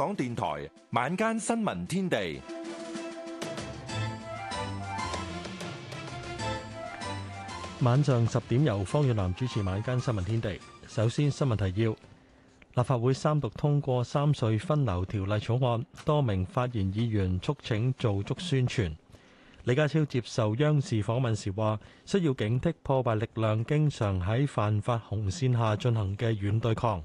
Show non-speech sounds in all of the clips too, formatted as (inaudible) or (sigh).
港電台晚間新聞天地，晚上十點由方遠南主持晚間新聞天地。首先新聞提要：立法會三讀通過《三隧分流條例》草案，多名發言議員促請做足宣傳。李家超接受央視訪問時話：需要警惕破壞力量，經常喺犯法紅線下進行嘅軟對抗。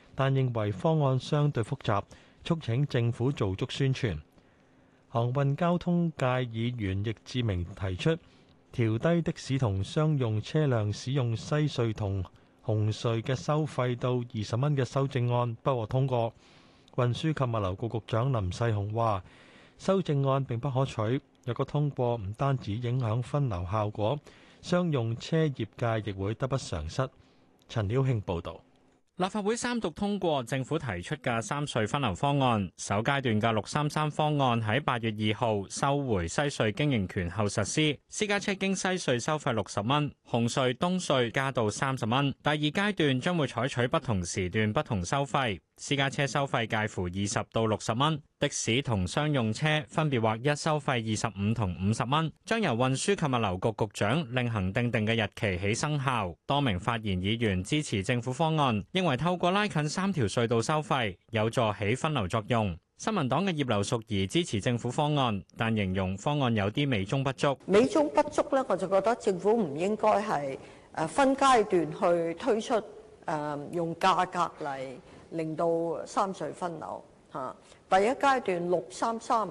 但認為方案相對複雜，促請政府做足宣傳。航運交通界議員易志明提出調低的士同商用車輛使用西隧同紅隧嘅收費到二十蚊嘅修正案，不獲通過。運輸及物流局局長林世雄話：修正案並不可取，若果通過，唔單止影響分流效果，商用車業界亦會得不償失。陳曉慶報導。立法會三讀通過政府提出嘅三隧分流方案，首階段嘅六三三方案喺八月二號收回西隧經營權後實施，私家車經西隧收費六十蚊，紅隧、東隧加到三十蚊。第二階段將會採取不同時段不同收費。私家車收費介乎二十到六十蚊，的士同商用車分別劃一收費二十五同五十蚊，將由運輸及物流局局長另行訂定嘅日期起生效。多名發言議員支持政府方案，認為透過拉近三條隧道收費有助起分流作用。新民黨嘅葉劉淑儀支持政府方案，但形容方案有啲美中不足。美中不足咧，我就覺得政府唔應該係誒分階段去推出誒用價格嚟令到三隧分流吓，第一階段六三三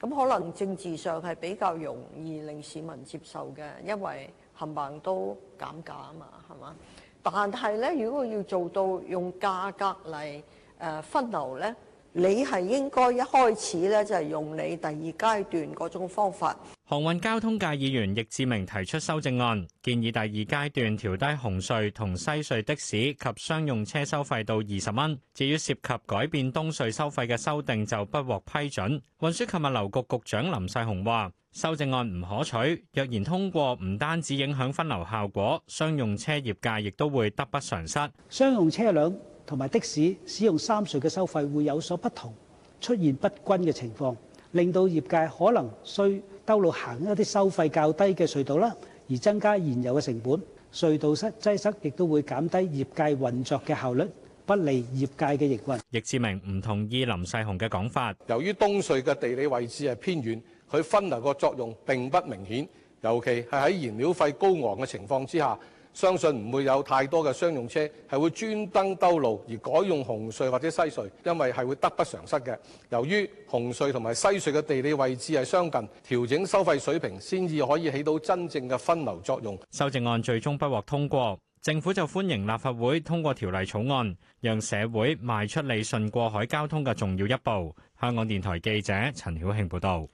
咁，可能政治上係比較容易令市民接受嘅，因為冚唪唥都減價啊嘛，係嘛？但係咧，如果要做到用價格嚟誒分流咧，你係應該一開始咧，就係用你第二階段嗰種方法。航運交通界議員易志明提出修正案，建議第二階段調低紅隧同西隧的士及商用車收費到二十蚊。至於涉及改變東隧收費嘅修訂，就不獲批准。運輸及物流局局長林世雄話：修正案唔可取，若然通過，唔單止影響分流效果，商用車業界亦都會得不償失。商用車輛，同埋的士使用三隧嘅收費會有所不同，出現不均嘅情況，令到業界可能需兜路行一啲收費較低嘅隧道啦，而增加燃油嘅成本，隧道塞擠塞，亦都會減低業界運作嘅效率，不利業界嘅營運。易志明唔同意林世雄嘅講法，由於東隧嘅地理位置係偏遠，佢分流個作用并不明顯，尤其係喺燃料費高昂嘅情況之下。相信唔會有太多嘅商用車係會專登兜,兜路而改用紅隧或者西隧，因為係會得不償失嘅。由於紅隧同埋西隧嘅地理位置係相近，調整收費水平先至可以起到真正嘅分流作用。修正案最終不獲通過，政府就歡迎立法會通過條例草案，讓社會邁出理順過海交通嘅重要一步。香港電台記者陳曉慶報道。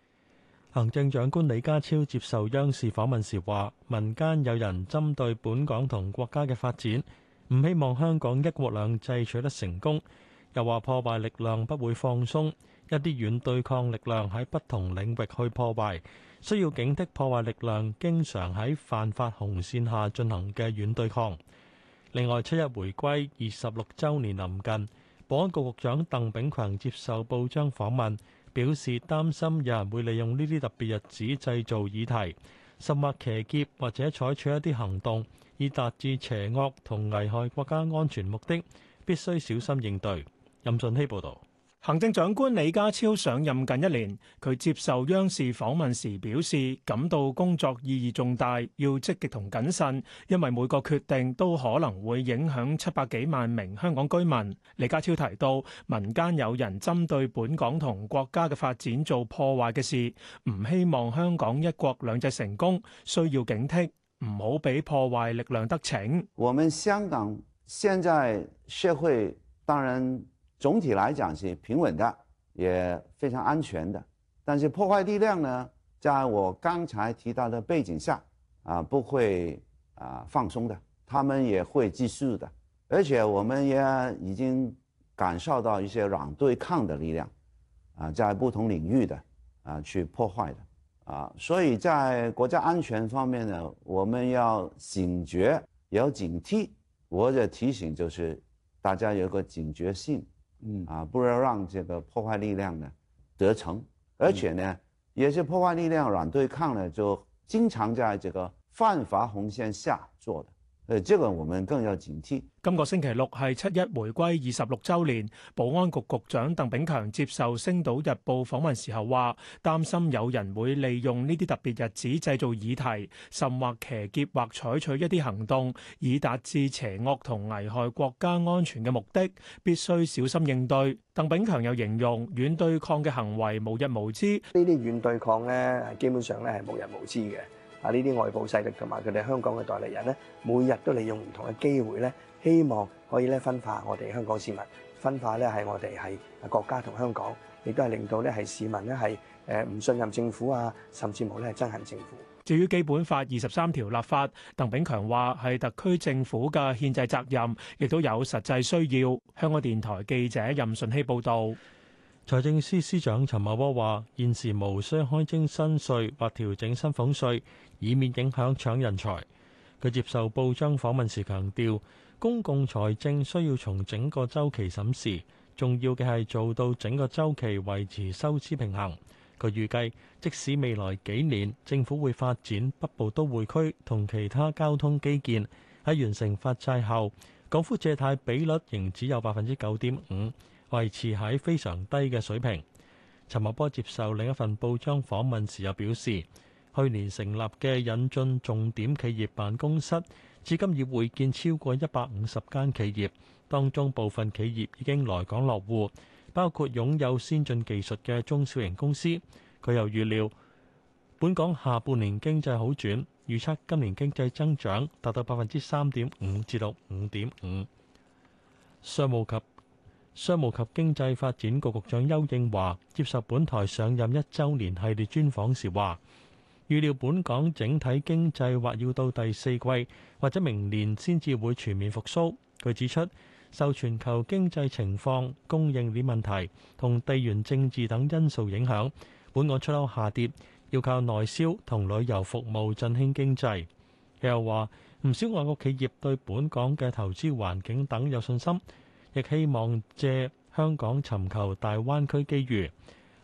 行政長官李家超接受央視訪問時話：民間有人針對本港同國家嘅發展，唔希望香港一國兩制取得成功，又話破壞力量不會放鬆，一啲軟對抗力量喺不同領域去破壞，需要警惕破壞力量經常喺犯法紅線下進行嘅軟對抗。另外，七日回歸二十六週年臨近，保安局局長鄧炳強接受報章訪問。表示擔心有人會利用呢啲特別日子製造議題，甚或騎劫或者採取一啲行動，以達至邪惡同危害國家安全目的，必須小心應對。任俊熙報道。行政長官李家超上任近一年，佢接受央視訪問時表示，感到工作意義重大，要積極同謹慎，因為每個決定都可能會影響七百幾萬名香港居民。李家超提到，民間有人針對本港同國家嘅發展做破壞嘅事，唔希望香港一國兩制成功，需要警惕，唔好畀破壞力量得逞。我們香港現在社會當然，總體來講是平穩的，也非常安全的。但是破壞力量呢，在我剛才提到的背景下，啊、呃，不會啊、呃、放鬆的，他們也會繼續的。而且我們也已經感受到一些軟對抗的力量，啊、呃，在不同領域的，啊、呃、去破壞的，啊、呃，所以在國家安全方面呢，我們要警覺，也要警惕。我的提醒就是，大家有個警覺性。嗯，啊，不要讓這個破壞力量呢，得逞，而且呢，嗯、也是破壞力量軟對抗呢，就經常在這個犯法紅線下做的。誒，這個我們更要警惕。今個星期六係七一回歸二十六周年，保安局局長鄧炳強接受《星島日報》訪問時候話，擔心有人會利用呢啲特別日子製造議題，甚或騎劫或採取一啲行動，以達至邪惡同危害國家安全嘅目的，必須小心應對。鄧炳強又形容，軟對抗嘅行為無日無之。呢啲軟對抗咧，基本上咧係無日無之嘅。啊！呢啲外部勢力同埋佢哋香港嘅代理人呢，每日都利用唔同嘅機會呢，希望可以咧分化我哋香港市民，分化咧係我哋係國家同香港，亦都係令到咧係市民呢係誒唔信任政府啊，甚至乎咧係憎恨政府。至於基本法二十三條立法，鄧炳強話係特區政府嘅憲制責任，亦都有實際需要。香港電台記者任順希報導。財政司司長陳茂波話：現時無需開徵新稅或調整薪俸稅，以免影響搶人才。佢接受報章訪問時強調，公共財政需要從整個周期審視，重要嘅係做到整個周期維持收支平衡。佢預計，即使未來幾年政府會發展北部都會區同其他交通基建，喺完成發債後，港府借貸比率仍只有百分之九點五。維持喺非常低嘅水平。陳茂波接受另一份報章訪問時又表示，去年成立嘅引進重點企業辦公室，至今已會見超過一百五十間企業，當中部分企業已經來港落戶，包括擁有先進技術嘅中小型公司。佢又預料，本港下半年經濟好轉，預測今年經濟增長達到百分之三點五至到五點五。商務及商務及經濟發展局局長邱應華接受本台上任一週年系列專訪時話：預料本港整體經濟或要到第四季或者明年先至會全面復甦。佢指出，受全球經濟情況、供應鏈問題同地緣政治等因素影響，本港出口下跌，要靠內銷同旅遊服務振興經濟。佢又話：唔少外國企業對本港嘅投資環境等有信心。亦希望借香港尋求大灣區機遇。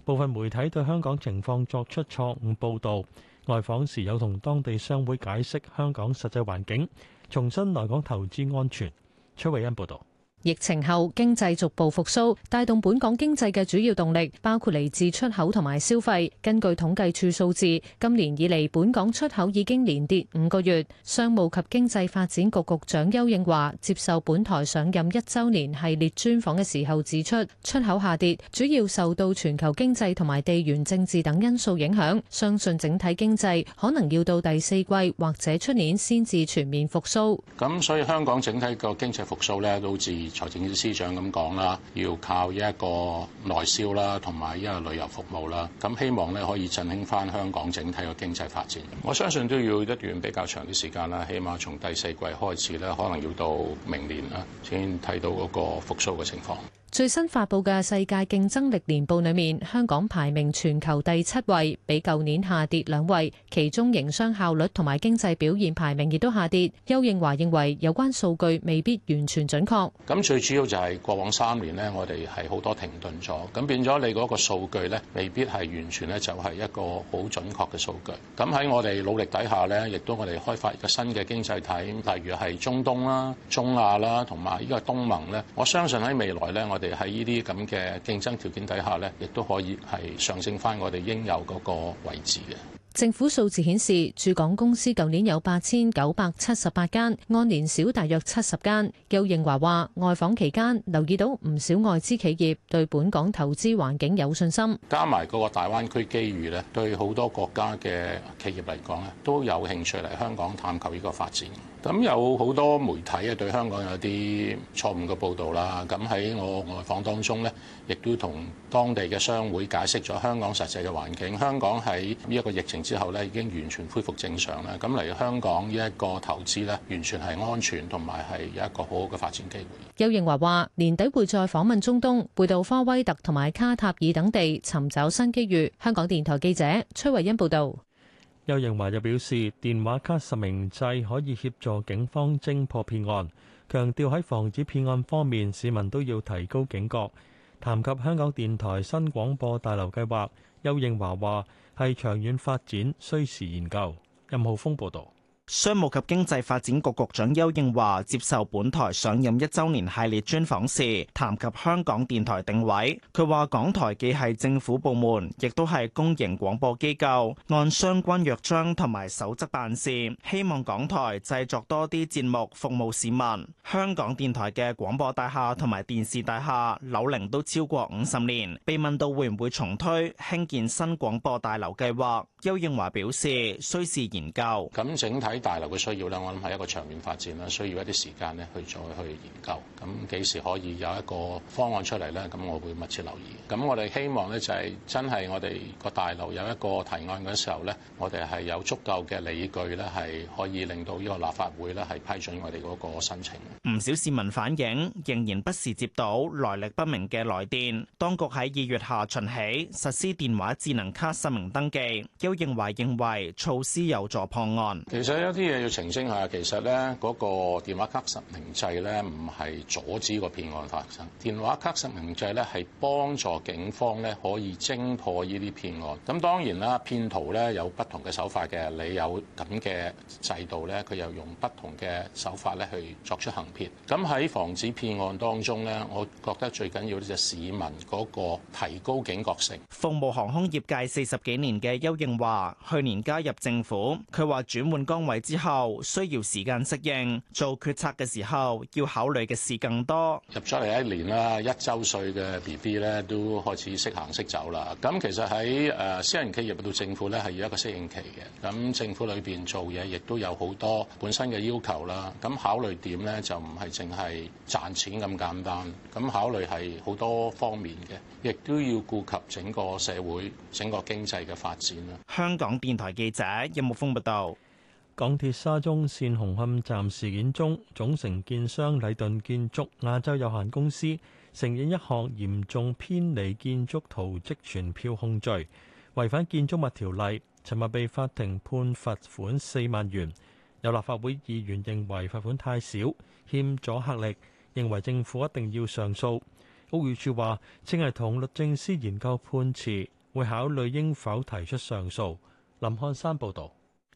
部分媒體對香港情況作出錯誤報導，外訪時有同當地商會解釋香港實際環境，重申來港投資安全。崔慧欣報導。疫情後經濟逐步復甦，帶動本港經濟嘅主要動力包括嚟自出口同埋消費。根據統計處數字，今年以嚟本港出口已經連跌五個月。商務及經濟發展局局長邱應華接受本台上任一週年系列專訪嘅時候指出，出口下跌主要受到全球經濟同埋地緣政治等因素影響。相信整體經濟可能要到第四季或者出年先至全面復甦。咁所以香港整體個經濟復甦呢，都好似。財政司司長咁講啦，要靠一個內銷啦，同埋一個旅遊服務啦，咁希望咧可以振興翻香港整體嘅經濟發展。我相信都要一段比較長嘅時間啦，起碼從第四季開始咧，可能要到明年啦，先睇到嗰個復甦嘅情況。最新發布嘅《世界競爭力年報》裏面，香港排名全球第七位，比舊年下跌兩位。其中營商效率同埋經濟表現排名亦都下跌。邱應華認為有關數據未必完全準確。咁最主要就係過往三年呢，我哋係好多停頓咗，咁變咗你嗰個數據呢，未必係完全呢，就係一個好準確嘅數據。咁喺我哋努力底下呢，亦都我哋開發一個新嘅經濟體，例如係中東啦、中亞啦，同埋呢個東盟呢。我相信喺未來呢，我喺呢啲咁嘅競爭條件底下呢，亦都可以係上升翻我哋應有嗰個位置嘅。政府數字顯示，駐港公司舊年有八千九百七十八間，按年少大約七十間。邱應華話：外訪期間留意到唔少外資企業對本港投資環境有信心。加埋嗰個大灣區機遇呢，對好多國家嘅企業嚟講呢，都有興趣嚟香港探求呢個發展。咁有好多媒體啊，對香港有啲錯誤嘅報導啦。咁喺我外訪當中呢，亦都同當地嘅商會解釋咗香港實際嘅環境。香港喺呢一個疫情之後呢，已經完全恢復正常啦。咁嚟香港呢一個投資呢，完全係安全同埋係有一個好好嘅發展機會。丘應樺話：年底會再訪問中東，回到科威特同埋卡塔爾等地，尋找新機遇。香港電台記者崔慧欣報道。邱應華又表示，電話卡實名制可以協助警方偵破騙案，強調喺防止騙案方面，市民都要提高警覺。談及香港電台新廣播大樓計劃，邱應華話係長遠發展，需時研究。任浩峰報道。商務及經濟發展局局長邱應華接受本台上任一周年系列專訪時，談及香港電台定位，佢話港台既係政府部門，亦都係公營廣播機構，按相關約章同埋守則辦事，希望港台製作多啲節目服務市民。香港電台嘅廣播大廈同埋電視大廈樓齡都超過五十年，被問到會唔會重推興建新廣播大樓計劃，邱應華表示需時研究。咁整體，大樓嘅需要咧，我諗係一個長遠發展啦，需要一啲時間咧去再去研究。咁幾時可以有一個方案出嚟咧？咁我會密切留意。咁我哋希望咧就係、是、真係我哋個大樓有一個提案嗰時候咧，我哋係有足夠嘅理據咧，係可以令到呢個立法會咧係批准我哋嗰個申請。唔少市民反映仍然不時接到來歷不明嘅來電，當局喺二月下旬起實施電話智能卡實名登記，邱應華認為措施有助破案。其有啲嘢要澄清下，其實咧個電話卡實名制咧，唔係阻止個騙案發生。電話卡實名制咧，係幫助警方咧可以偵破呢啲騙案。咁當然啦，騙徒咧有不同嘅手法嘅，你有咁嘅制度咧，佢又用不同嘅手法咧去作出行騙，咁喺防止騙案當中咧，我覺得最緊要呢，就市民嗰個提高警覺性。服務航空業界四十幾年嘅邱應華去年加入政府，佢話轉換崗位。之後需要時間適應，做決策嘅時候要考慮嘅事更多。入咗嚟一年啦，一周歲嘅 B B 咧都開始識行識走啦。咁其實喺誒私人企業到政府咧係要一個適應期嘅。咁政府裏邊做嘢亦都有好多本身嘅要求啦。咁考慮點咧就唔係淨係賺錢咁簡單，咁考慮係好多方面嘅，亦都要顧及整個社會、整個經濟嘅發展啦。香港電台記者任木峰報道。港鐵沙中線紅磡站事件中，總承建商禮頓建築亞洲有限公司承認一項嚴重偏離建築圖則傳票控罪，違反建築物條例。尋日被法庭判罰款四萬元。有立法會議員認為罰款太少，欠阻嚇力，認為政府一定要上訴。屋宇署話正係同律政司研究判詞，會考慮應否提出上訴。林漢山報導。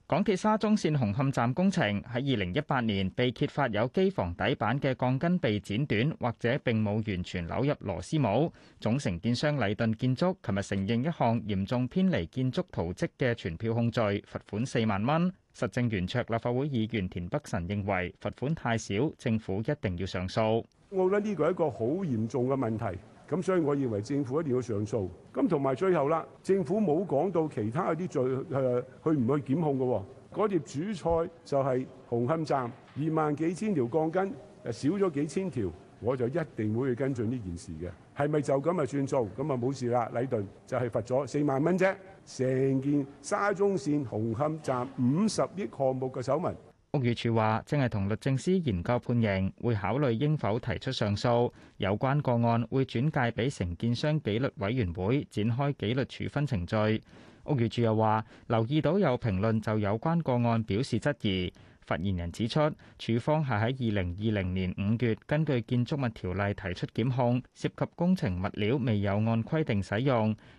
港鐵沙中綫紅磡站工程喺二零一八年被揭發有機房底板嘅鋼筋被剪短，或者並冇完全扭入螺絲帽。總承建商禮頓建築琴日承認一項嚴重偏離建築圖則嘅傳票控罪，罰款四萬蚊。實政圓桌立法會議員田北辰認為罰款太少，政府一定要上訴。我覺得呢個係一個好嚴重嘅問題。咁所以，我認為政府一定要上訴。咁同埋最後啦，政府冇講到其他嗰啲罪誒，佢、呃、去唔去檢控嘅喎、哦。嗰碟主菜就係紅磡站二萬幾千條鋼筋，誒少咗幾千條，我就一定會去跟進呢件事嘅。係咪就咁啊？算數咁啊，冇事啦。禮頓就係、是、罰咗四萬蚊啫。成件沙中線紅磡站五十億項目嘅手文。屋宇署話，正係同律政司研究判刑，會考慮應否提出上訴。有關個案會轉介俾承建商紀律委員會展開紀律處分程序。屋宇署又話，留意到有評論就有關個案表示質疑。發言人指出，署方係喺二零二零年五月根據建築物條例提出檢控，涉及工程物料未有按規定使用。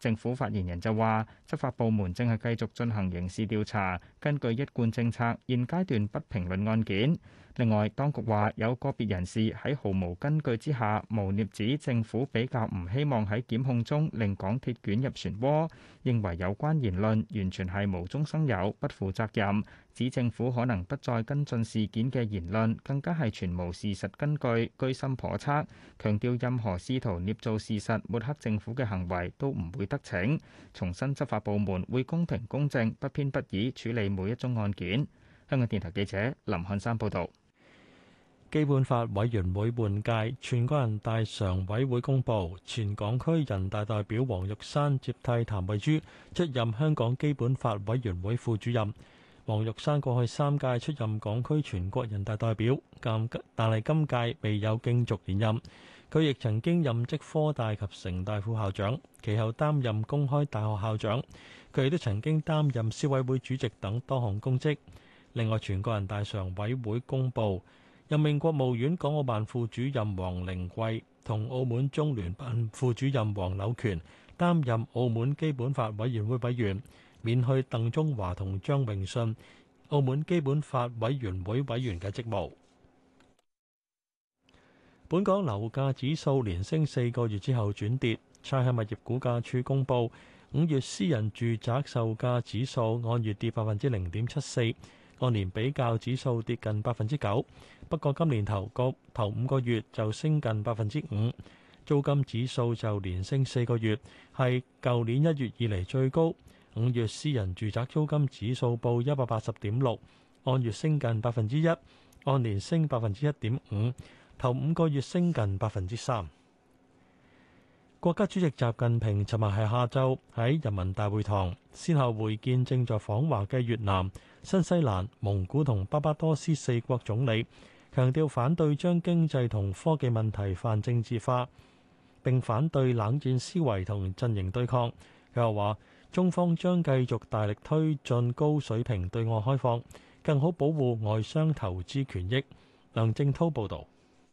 政府發言人就話，執法部門正係繼續進行刑事調查。根據一貫政策，現階段不評論案件。另外，當局話有個別人士喺毫無根據之下，無捏指政府比較唔希望喺檢控中令港鐵捲入漩渦，認為有關言論完全係無中生有、不負責任，指政府可能不再跟進事件嘅言論，更加係全無事實根據、居心叵測。強調任何試圖捏造事實抹黑政府嘅行為都唔會得逞，重申，執法部門會公平公正、不偏不倚處理。每一宗案件，香港電台記者林漢山報道。基本法委員會換屆，全國人大常委會公布，全港區人大代表黃玉山接替譚慧珠，出任香港基本法委員會副主任。黃玉山過去三屆出任港區全國人大代表，但但係今屆未有競逐連任。佢亦曾經任職科大及城大副校長，其後擔任公開大學校長。佢亦都曾經擔任消委會主席等多項公職。另外，全國人大常委會公布任命國務院港澳辦副主任王寧貴同澳門中聯辦副主任黃柳權擔任澳門基本法委員會委員，免去鄧中華同張榮信澳門基本法委員會委員嘅職務。本港樓價指數連升四個月之後轉跌，差餉物業估價署公佈，五月私人住宅售價指數按月跌百分之零點七四，按年比較指數跌近百分之九。不過今年頭個頭五個月就升近百分之五，租金指數就連升四個月，係舊年一月以嚟最高。五月私人住宅租金指數報一百八十點六，按月升近百分之一，按年升百分之一點五。頭五個月升近百分之三。國家主席習近平尋日喺下晝喺人民大會堂先後會見正在訪華嘅越南、新西蘭、蒙古同巴巴多斯四國總理，強調反對將經濟同科技問題泛政治化，並反對冷戰思維同陣營對抗。佢又話：中方將繼續大力推進高水平對外開放，更好保護外商投資權益。梁正濤報導。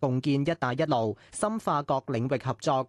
共建“一帶一路”，深化各領域合作。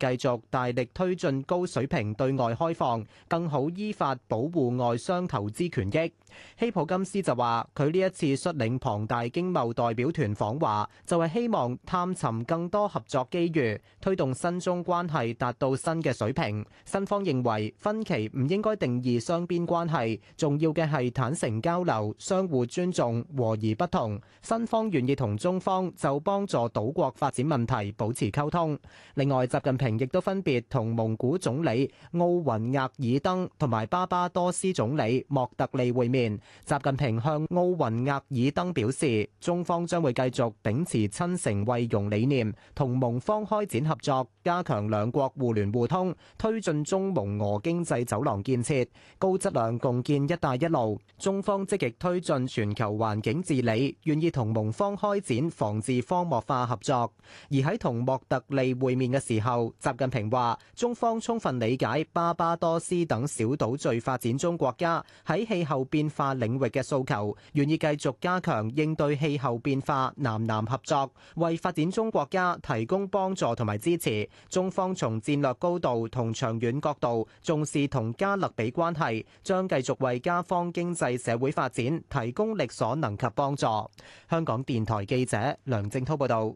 繼續大力推進高水平對外開放，更好依法保護外商投資權益。希普金斯就話：佢呢一次率領龐大經貿代表團訪華，就係希望探尋更多合作機遇，推動新中關係達到新嘅水平。新方認為分歧唔應該定義雙邊關係，重要嘅係坦誠交流、相互尊重、和而不同。新方願意同中方就幫助島國發展問題保持溝通。另外，習近平。亦都分別同蒙古總理奧雲額爾登同埋巴巴多斯總理莫特利會面。習近平向奧雲額爾登表示，中方將會繼續秉持親誠惠容理念，同蒙方開展合作，加強兩國互聯互通，推進中蒙俄經濟走廊建設，高質量共建「一帶一路」。中方積極推進全球環境治理，願意同蒙方開展防治荒漠化合作。而喺同莫特利會面嘅時候，習近平話：中方充分理解巴巴多斯等小島嶼最發展中國家喺氣候變化領域嘅訴求，願意繼續加強應對氣候變化南南合作，為發展中國家提供幫助同埋支持。中方從戰略高度同長遠角度重視同加勒比關係，將繼續為加方經濟社會發展提供力所能及幫助。香港電台記者梁正濤報道。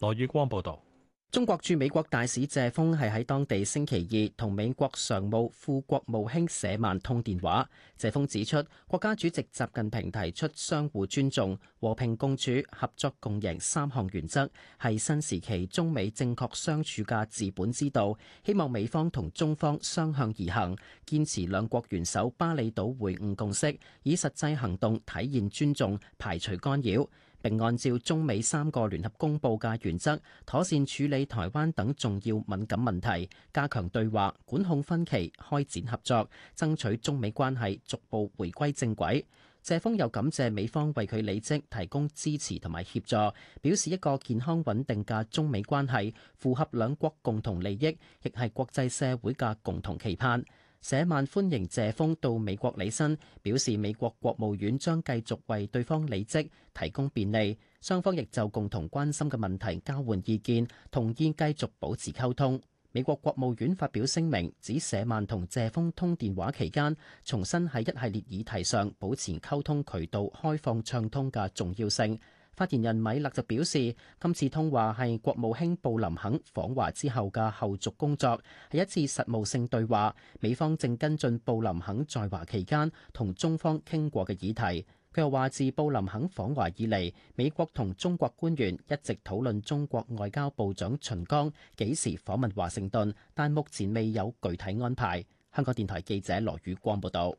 羅宇光報道，中國駐美國大使謝鋒係喺當地星期二同美國常務副國務卿舍曼通電話。謝鋒指出，國家主席習近平提出相互尊重、和平共處、合作共贏三項原則，係新時期中美正確相處嘅治本之道。希望美方同中方相向而行，堅持兩國元首巴厘島會晤共識，以實際行動體現尊重，排除干擾。並按照中美三個聯合公報嘅原則，妥善處理台灣等重要敏感問題，加強對話，管控分歧，開展合作，爭取中美關係逐步回歸正軌。謝鋒又感謝美方為佢履職提供支持同埋協助，表示一個健康穩定嘅中美關係符合兩國共同利益，亦係國際社會嘅共同期盼。舍曼歡迎謝鋒到美國履新，表示美國國務院將繼續為對方履職提供便利。雙方亦就共同關心嘅問題交換意見，同意繼續保持溝通。美國國務院發表聲明，指舍曼同謝鋒通電話期間，重申喺一系列議題上保持溝通渠道開放暢通嘅重要性。發言人米勒就表示，今次通話係國務卿布林肯訪華之後嘅後續工作，係一次實務性對話。美方正跟進布林肯在華期間同中方傾過嘅議題。佢又話，自布林肯訪華以嚟，美國同中國官員一直討論中國外交部長秦剛幾時訪問華盛頓，但目前未有具體安排。香港電台記者羅宇光報道。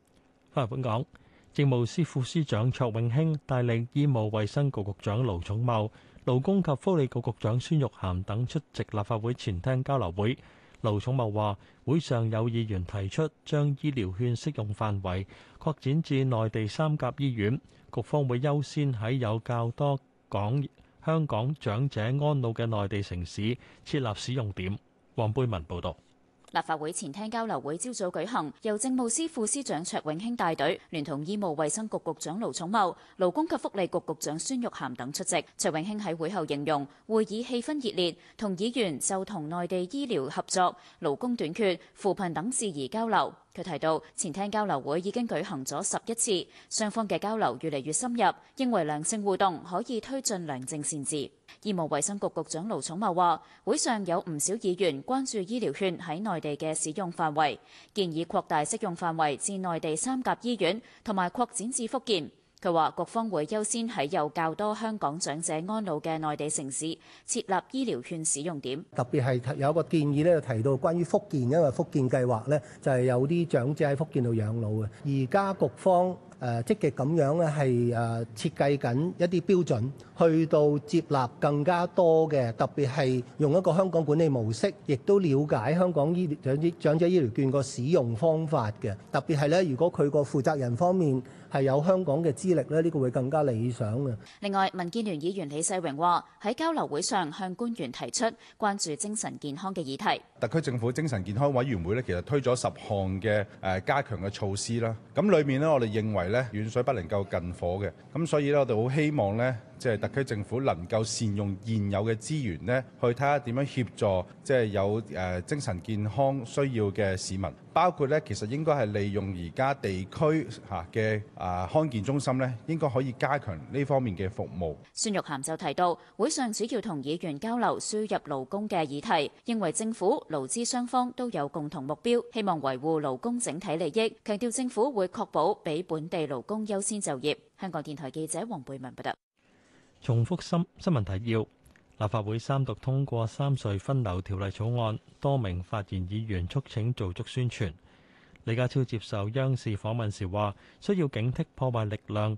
翻嚟、啊、本港。政務司副司長卓永興帶領醫務衛生局局長盧寵茂、勞工及福利局局長孫玉菡等出席立法會前廳交流會。盧寵茂話：會上有議員提出將醫療券適用範圍擴展至內地三甲醫院，局方會優先喺有較多港香港長者安老嘅內地城市設立使用點。黃貝文報道。立法會前廳交流會朝早舉行，由政務司副司長卓永興帶隊，聯同醫務衛生局局長盧寵茂、勞工及福利局局長孫玉菡等出席。卓永興喺會後形容會議氣氛熱烈，同議員就同內地醫療合作、勞工短缺、扶貧等事宜交流。佢提到前廳交流會已經舉行咗十一次，雙方嘅交流越嚟越深入，認為良性互動可以推進良性善治。醫務衛生局局長盧寵茂話：會上有唔少議員關注醫療券喺內地嘅使用範圍，建議擴大適用範圍至內地三甲醫院，同埋擴展至福建。佢話局方會優先喺有較多香港長者安老嘅內地城市設立醫療券使用點。特別係有一個建議咧，提到關於福建，因為福建計劃咧就係有啲長者喺福建度養老嘅，而家局方。誒、啊、積極咁樣咧，係誒設計緊一啲標準，去到接納更加多嘅，特別係用一個香港管理模式，亦都了解香港醫療長者長者醫療券個使用方法嘅。特別係咧，如果佢個負責人方面。係有香港嘅資歷呢，呢個會更加理想嘅。另外，民建聯議員李世榮話喺交流會上向官員提出關注精神健康嘅議題。特區政府精神健康委員會呢，其實推咗十項嘅誒加強嘅措施啦。咁裏面呢，我哋認為呢，遠水不能夠近火嘅。咁所以呢，我哋好希望呢。即係特區政府能夠善用現有嘅資源咧，去睇下點樣協助即係有誒精神健康需要嘅市民，包括咧，其實應該係利用而家地區嚇嘅啊康健中心咧，應該可以加強呢方面嘅服務。孫玉涵就提到，會上主要同議員交流輸入勞工嘅議題，認為政府勞資雙方都有共同目標，希望維護勞工整體利益，強調政府會確保俾本地勞工優先就業。香港電台記者黃貝文報道。重複新新聞提要：立法會三讀通過三隧分流條例草案，多名發言議員促請做足宣傳。李家超接受央視訪問時話：需要警惕破壞力量，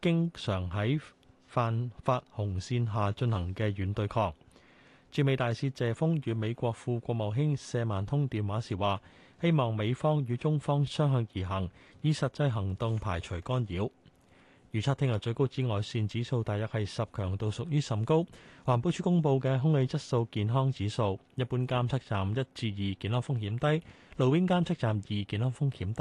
經常喺犯法紅線下進行嘅軟對抗。駐美大使謝鋒與美國副國務卿謝萬通電話時話：希望美方與中方相向而行，以實際行動排除干擾。預測聽日最高紫外線指數大約係十，強度屬於甚高。環保署公布嘅空氣質素健康指數，一般監測站一至二健康風險低，路邊監測站二健康風險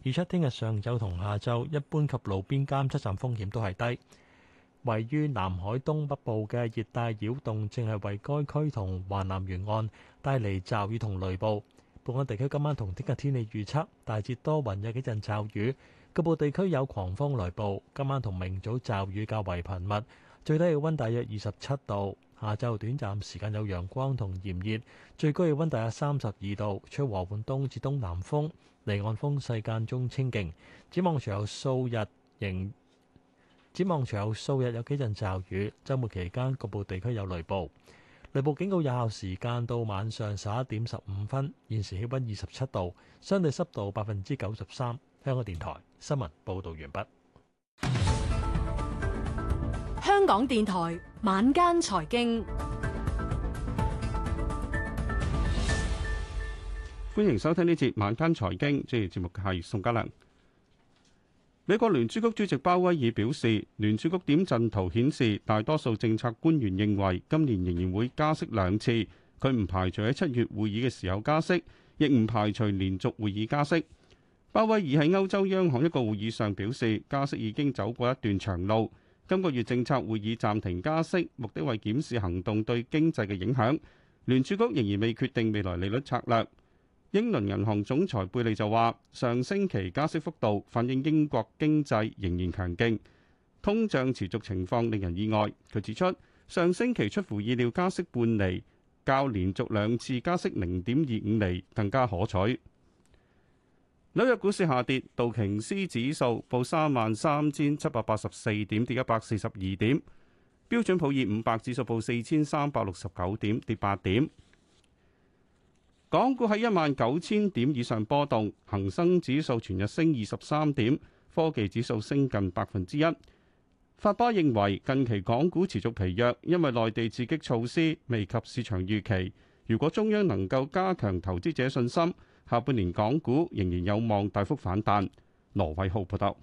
低。預測聽日上晝同下晝一般及路邊監測站風險都係低。位於南海東北部嘅熱帶擾動正係為該區同華南沿岸帶嚟驟雨同雷暴。本港地區今晚同聽日天氣預測大致多雲，有幾陣驟雨。局部地區有狂風雷暴，今晚同明早驟雨較為頻密，最低氣温大約二十七度。下晝短暫時間有陽光同炎熱，最高氣温大約三十二度。吹和緩東至東南風，離岸風勢間中清勁。展望隨後有數日仍，展望隨後有數日有幾陣驟雨，周末期間局部地區有雷暴。雷暴警告有效時間到晚上十一點十五分。現時氣温二十七度，相對濕度百分之九十三。香港電台新聞報道完畢。香港電台晚間財經， (music) 歡迎收聽呢節晚間財經。主持節目係宋嘉良。美國聯儲局主席鮑威爾表示，聯儲局點陣圖顯示，大多數政策官員認為今年仍然會加息兩次。佢唔排除喺七月會議嘅時候加息，亦唔排除連續會議加息。鮑威爾喺歐洲央行一個會議上表示，加息已經走過一段長路。今個月政策會議暫停加息，目的為檢視行動對經濟嘅影響。聯儲局仍然未決定未來利率策略。英倫銀行總裁貝利就話：上星期加息幅度反映英國經濟仍然強勁，通脹持續情況令人意外。佢指出，上星期出乎意料加息半釐，較連續兩次加息零點二五釐更加可取。紐約股市下跌，道瓊斯指數報三萬三千七百八十四點，跌一百四十二點；標準普爾五百指數報四千三百六十九點，跌八點。港股喺一萬九千點以上波動，恒生指數全日升二十三點，科技指數升近百分之一。法巴認為近期港股持續疲弱，因為內地刺激措施未及市場預期。如果中央能夠加強投資者信心，下半年港股仍然有望大幅反彈。羅偉浩報道，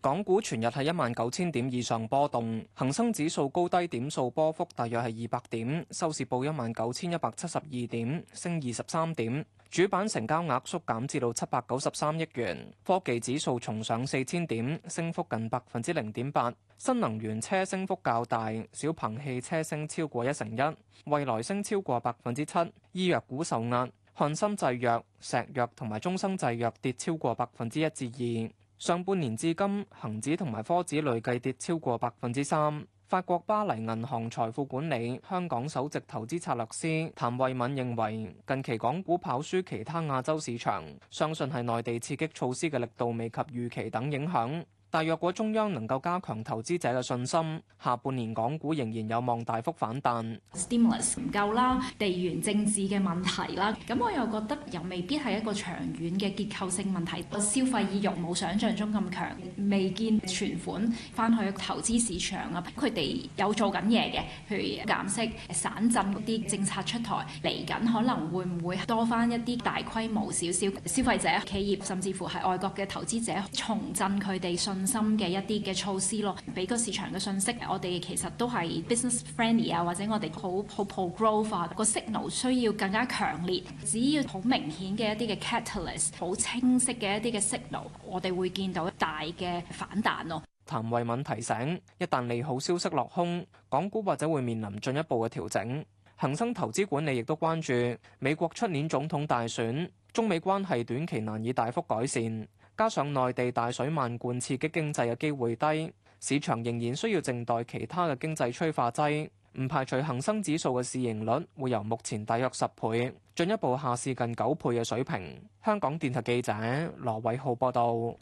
港股全日係一萬九千點以上波動，恒生指數高低點數波幅大約係二百點，收市報一萬九千一百七十二點，升二十三點。主板成交額縮減至到七百九十三億元。科技指數重上四千點，升幅近百分之零點八。新能源車升幅較大，小鵬汽車升超過一成一，蔚來升超過百分之七。醫藥股受壓。翰森製藥、石藥同埋中生製藥跌超過百分之一至二，上半年至今，恒指同埋科指累計跌超過百分之三。法國巴黎銀行財富管理香港首席投資策略師譚慧敏認為，近期港股跑輸其他亞洲市場，相信係內地刺激措施嘅力度未及預期等影響。但若果中央能夠加強投資者嘅信心，下半年港股仍然有望大幅反彈。Stimulus 唔夠啦，地緣政治嘅問題啦，咁我又覺得又未必係一個長遠嘅結構性問題。消費意欲冇想象中咁強，未見存款翻去投資市場啊。佢哋有做緊嘢嘅，譬如減息、散振嗰啲政策出台嚟緊，可能會唔會多翻一啲大規模少少消費者、企業，甚至乎係外國嘅投資者重振佢哋信心嘅一啲嘅措施咯，俾個市場嘅信息，我哋其實都係 business friendly 啊，或者我哋好好 pro growth 啊個 signal 需要更加強烈，只要好明顯嘅一啲嘅 catalyst，好清晰嘅一啲嘅 signal，我哋會見到大嘅反彈咯。譚慧敏提醒，一旦利好消息落空，港股或者會面臨進一步嘅調整。恒生投資管理亦都關注美國出年總統大選，中美關係短期難以大幅改善。加上內地大水漫灌刺激經濟嘅機會低，市場仍然需要靜待其他嘅經濟催化劑，唔排除恒生指數嘅市盈率會由目前大約十倍進一步下試近九倍嘅水平。香港電台記者羅偉浩報道，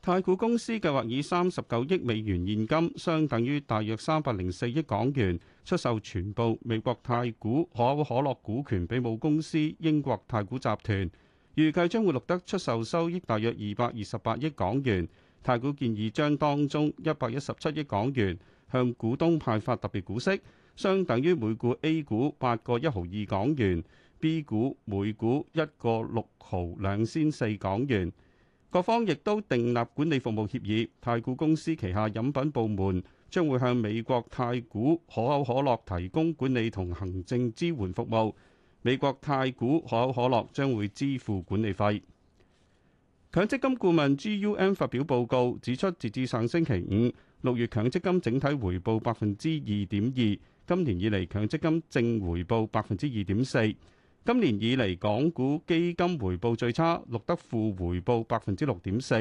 太古公司計劃以三十九億美元現金，相等於大約三百零四億港元，出售全部美國太古可口可樂股權俾母公司英國太古集團。預計將會錄得出售收益大約二百二十八億港元，太古建議將當中一百一十七億港元向股東派發特別股息，相等於每股 A 股八個一毫二港元，B 股每股一個六毫兩仙四港元。各方亦都訂立管理服務協議，太古公司旗下飲品部門將會向美國太古可口可樂提供管理同行政支援服務。美國太古可口可樂將會支付管理費。強積金顧問 GUM 發表報告指出，截至上星期五，六月強積金整體回報百分之二點二，今年以嚟強積金正回報百分之二點四。今年以嚟港股基金回報最差，錄得負回報百分之六點四。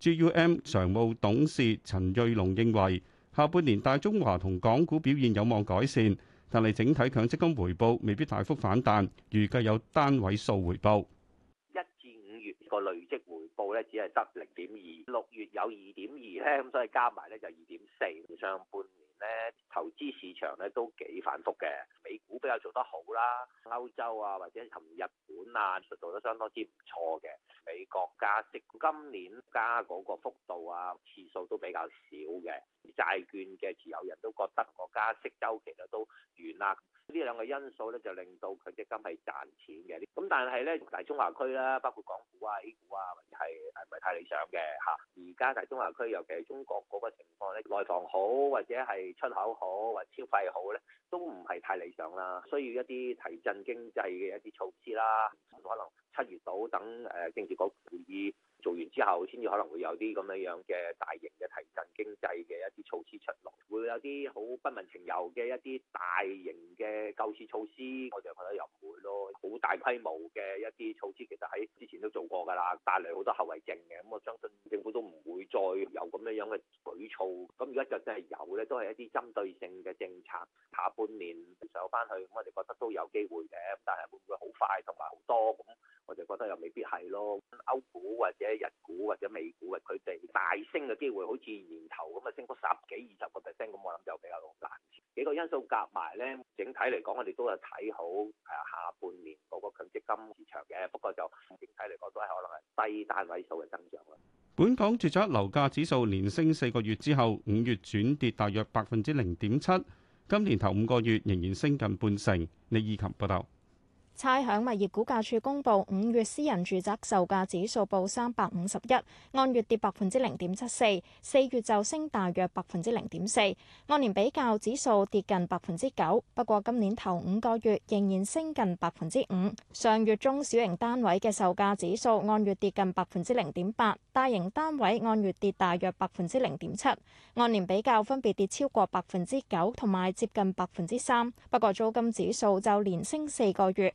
GUM 常務董事陳瑞龍認為，下半年大中華同港股表現有望改善。但係整體強積金回報未必大幅反彈，預計有單位數回報。一至五月個累積回報咧只係得零點二，六月有二點二咧，咁所以加埋咧就二點四，上半年。咧投資市場咧都幾反覆嘅，美股比較做得好啦，歐洲啊或者同日本啊，都做得相當之唔錯嘅。美國加息今年加嗰個幅度啊，次數都比較少嘅，債券嘅持有人都覺得個加息周期咧都完啦。呢兩個因素咧，就令到佢基金係賺錢嘅。咁但係咧，大中華區啦，包括港股啊、A 股啊，或者係係唔係太理想嘅吓。而、啊、家大中華區，尤其係中國嗰個情況咧，內房好或者係出口好或者消費好咧，都唔係太理想啦。需要一啲提振經濟嘅一啲措施啦、啊。可能七月到等誒，政治局會議。做完之後，先至可能會有啲咁樣樣嘅大型嘅提振經濟嘅一啲措施出嚟，會有啲好不問情由嘅一啲大型嘅救市措施，我就覺得又唔會咯。好大規模嘅一啲措施，其實喺之前都做過㗎啦，帶嚟好多後遺症嘅。咁我相信政府都唔會再有咁樣樣嘅舉措。咁而家就真係有咧，都係一啲針對性嘅政策。下半年上返去，咁我哋覺得都有機會嘅。但係會唔會好快同埋好多咁？我就覺得又未必係咯，歐股或者日股或者美股啊，佢哋大升嘅機會，好似年頭咁啊，升嗰十幾二十個 percent 咁，我諗就比較難。幾個因素夾埋咧，整體嚟講，我哋都係睇好誒下半年嗰個強積金市場嘅。不過就整體嚟講，都係可能係低單位數嘅增長啦。本港住宅樓價指數連升四個月之後，五月轉跌大約百分之零點七，今年頭五個月仍然升近半成。李意琴報道。差餉物業估價處公佈，五月私人住宅售價指數報三百五十一，按月跌百分之零點七四，四月就升大約百分之零點四，按年比較指數跌近百分之九。不過今年頭五個月仍然升近百分之五。上月中小型單位嘅售價指數按月跌近百分之零點八，大型單位按月跌大約百分之零點七，按年比較分別跌超過百分之九同埋接近百分之三。不過租金指數就連升四個月。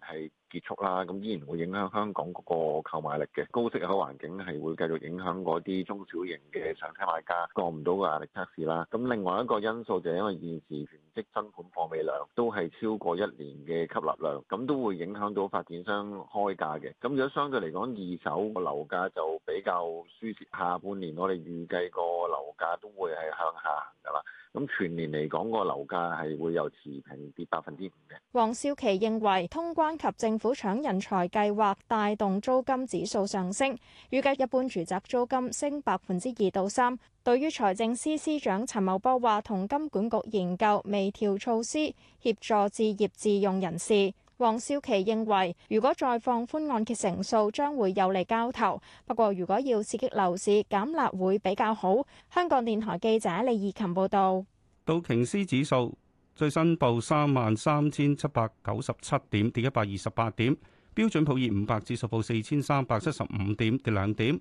係結束啦，咁依然會影響香港嗰個購買力嘅高息口環境係會繼續影響嗰啲中小型嘅上車買家過唔到個壓力測試啦。咁另外一個因素就係因為現時囤積新盤貨尾量都係超過一年嘅吸納量，咁都會影響到發展商開價嘅。咁如果相對嚟講，二手樓價就比較舒適，下半年我哋預計個樓價都會係向下行嘅啦。咁全年嚟講，個樓價係會有持平跌百分之五嘅。黃少琪認為通關及政府搶人才計劃帶動租金指數上升，預計一般住宅租金升百分之二到三。對於財政司司長陳茂波話同金管局研究微調措施，協助置業自用人士。黃少琪認為，如果再放寬按揭成數，將會有利交投。不過，如果要刺激樓市，減辣會比較好。香港電台記者李怡琴報道。道瓊斯指數最新報三萬三千七百九十七點，跌一百二十八點；標準普爾五百指數報四千三百七十五點，跌兩點；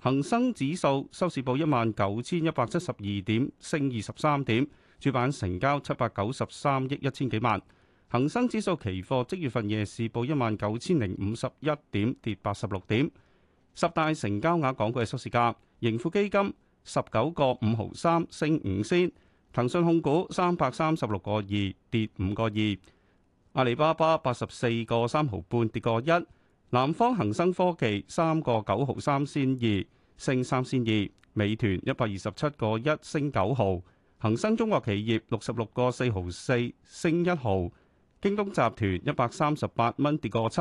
恒生指數收市報一萬九千一百七十二點，升二十三點。主板成交七百九十三億一千幾萬。恒生指數期貨即月份夜市報一萬九千零五十一點，跌八十六點。十大成交額港股嘅收市價：盈富基金十九個五毫三升五仙，騰訊控股三百三十六個二跌五個二，阿里巴巴八十四個三毫半跌個一，南方恒生科技三個九毫三仙二升三仙二，美團一百二十七個一升九毫，恒生中國企業六十六個四毫四升一毫。京東集團一百三十八蚊跌個七，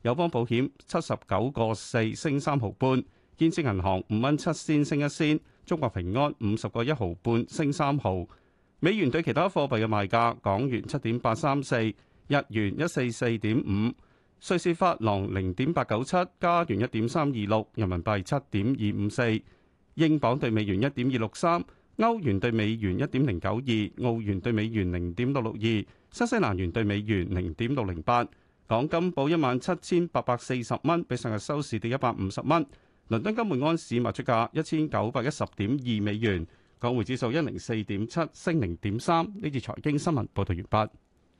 友邦保險七十九個四升三毫半，建設銀行五蚊七先升一仙，中國平安五十個一毫半升三毫，美元兌其他貨幣嘅賣價：港元七點八三四，日元一四四點五，瑞士法郎零點八九七，加元一點三二六，人民幣七點二五四，英鎊兌美元一點二六三，歐元兌美元一點零九二，澳元兌美元零點六六二。新西蘭元對美元零點六零八，港金報一萬七千八百四十蚊，比上日收市跌一百五十蚊。倫敦金每安士賣出價一千九百一十點二美元，港匯指數一零四點七升零點三。呢次財經新聞報道完畢。